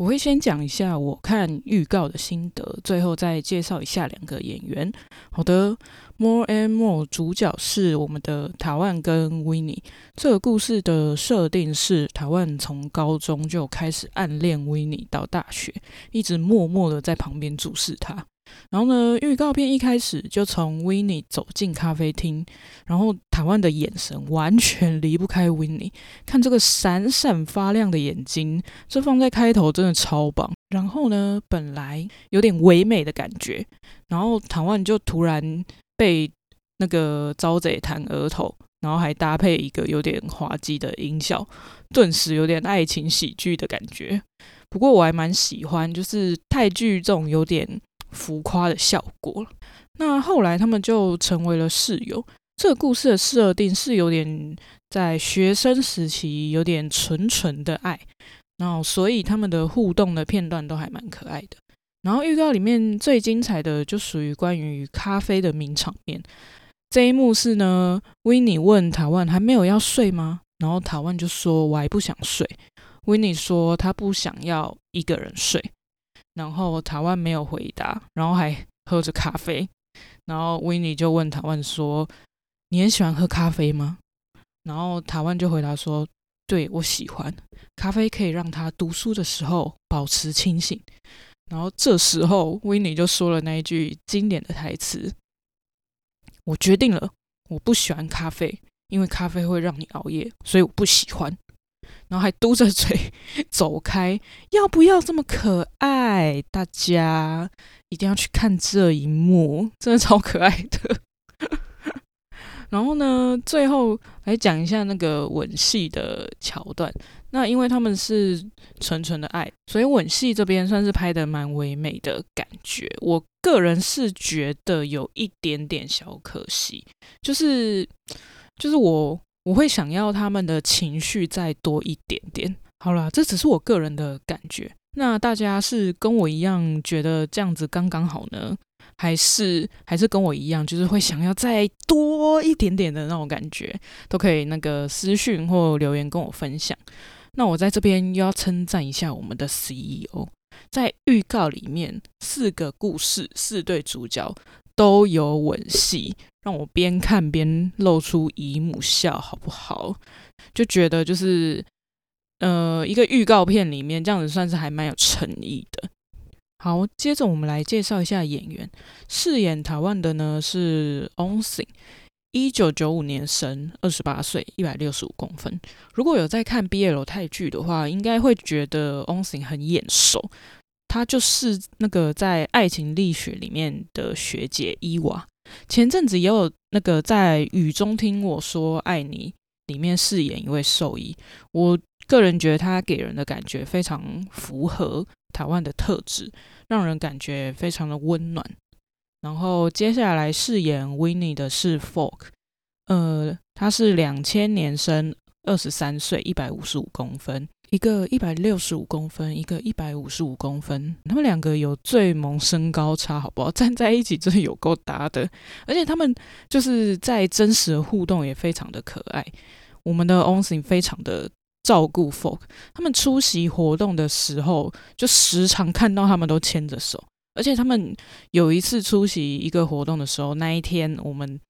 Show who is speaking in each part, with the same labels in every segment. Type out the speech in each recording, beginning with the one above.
Speaker 1: 我會先講一下我看預告的心得，最後再介紹一下兩個演員。好的，More and More 主角是我們的 Tawan 跟 Winnie。這個故事的設定是 Tawan 從高中就開始暗戀 Winnie 到大學，一直默默的在旁邊注視他。然後呢，預告片一開始就從 Winnie 走進咖啡廳，然後 Tawan 的眼神完全離不開 Winnie。看這個閃閃發亮的眼睛，這放在開頭真的。超棒，然後呢，本來有點唯美的感覺，然後 Tawan 就突然被那個招賊彈額頭，然後還搭配一個有點滑稽的音效，頓時有點愛情喜劇的感覺。不過我還蠻喜歡，就是泰劇這種有點浮誇的效果。那後來他們就成為了室友。這個故事的設定是有點在學生時期有點純純的愛。然、哦、後，所以他們的互動的片段都還蠻可愛的。然後預告裡面最精彩的就屬於關於咖啡的名場面。這一幕是呢，維尼問塔萬還沒有要睡嗎？然後塔萬就說我還不想睡。維尼說他不想要一個人睡。然後塔萬沒有回答，然後還喝着咖啡。然後維尼就問塔萬說你很喜歡喝咖啡嗎？然後塔萬就回答說，對，我喜歡咖啡，可以讓他讀書的時候保持清醒。然後這時候，Winnie 就說了那一句經典的台詞：“我決定了，我不喜歡咖啡，因為咖啡會讓你熬夜，所以我不喜歡。”然後還嘟着嘴走開，要不要這麼可愛？大家一定要去看這一幕，真的超可愛的。然後呢，最後來講一下那個吻戲的橋段。那因為他們是純純的愛，所以吻戲這邊算是拍得蠻唯美的感覺。我個人是覺得有一點點小可惜，就是就是我我會想要他們的情緒再多一點點。好啦，這只是我個人的感覺。那大家是跟我一樣覺得這樣子剛剛好呢？還是還是跟我一樣，就是會想要再多一點點的那種感覺，都可以那個私訊或留言跟我分享。那我在這邊又要稱讚一下我們的 CEO，在預告裡面四個故事四對主角都有吻戲，讓我邊看邊露出姨母笑，好不好？就覺得就是呃，一個預告片裡面這樣子算是還蠻有誠意的。好，接着我們來介紹一下演員，飾演 Tawan 的呢是 Ormsin，一九九五年生，二十八歲，一百六十五公分。如果有在看 BL 泰劇的話，應該會覺得 Ormsin 很眼熟，她就是那個在《愛情力學》裡面的學姐伊娃，前陣子也有那個在雨中聽我說愛你裡面飾演一位獸醫，我個人覺得他給人的感覺非常符合 Tawan 的特質，讓人感覺非常的溫暖。然後接下來飾演 Winnie 的是 Folk，呃，他是兩千年生，二十三歲，一百五十五公分，一個一百六十五公分，一個一百五十五公分，他們兩個有最萌身高差，好不好？站在一起真的有夠搭的，而且他們就是在真實互動也非常的可愛。我們的 Ormsin 非常的。照顧 Folk，他們出席活動的時候，就時常看到他們都牽着手。而且他們有一次出席一個活動的時候，那一天我們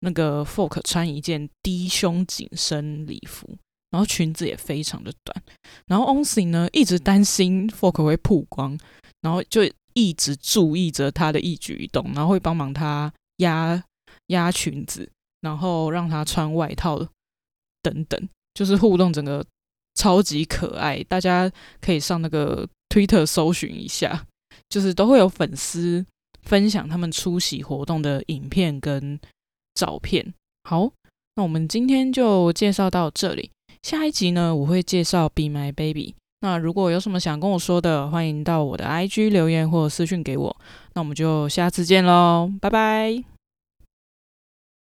Speaker 1: 那個 Folk 穿一件低胸緊身禮服，然後裙子也非常的短。然後 Ormsin 呢一直擔心 Folk 會曝光，然後就一直注意着他的一舉一動，然後會幫忙他壓壓裙子，然後讓他穿外套等等，就是互動整個。超級可愛，大家可以上那個 Twitter 搜尋一下，就是都會有粉絲分享他們出席活動的影片跟照片。好，那我們今天就介紹到這裡，下一集呢我會介紹《Be My Baby》。那如果有什麼想跟我說的，歡迎到我的 IG 留言或私訊給我。那我們就下次見嘍，拜拜。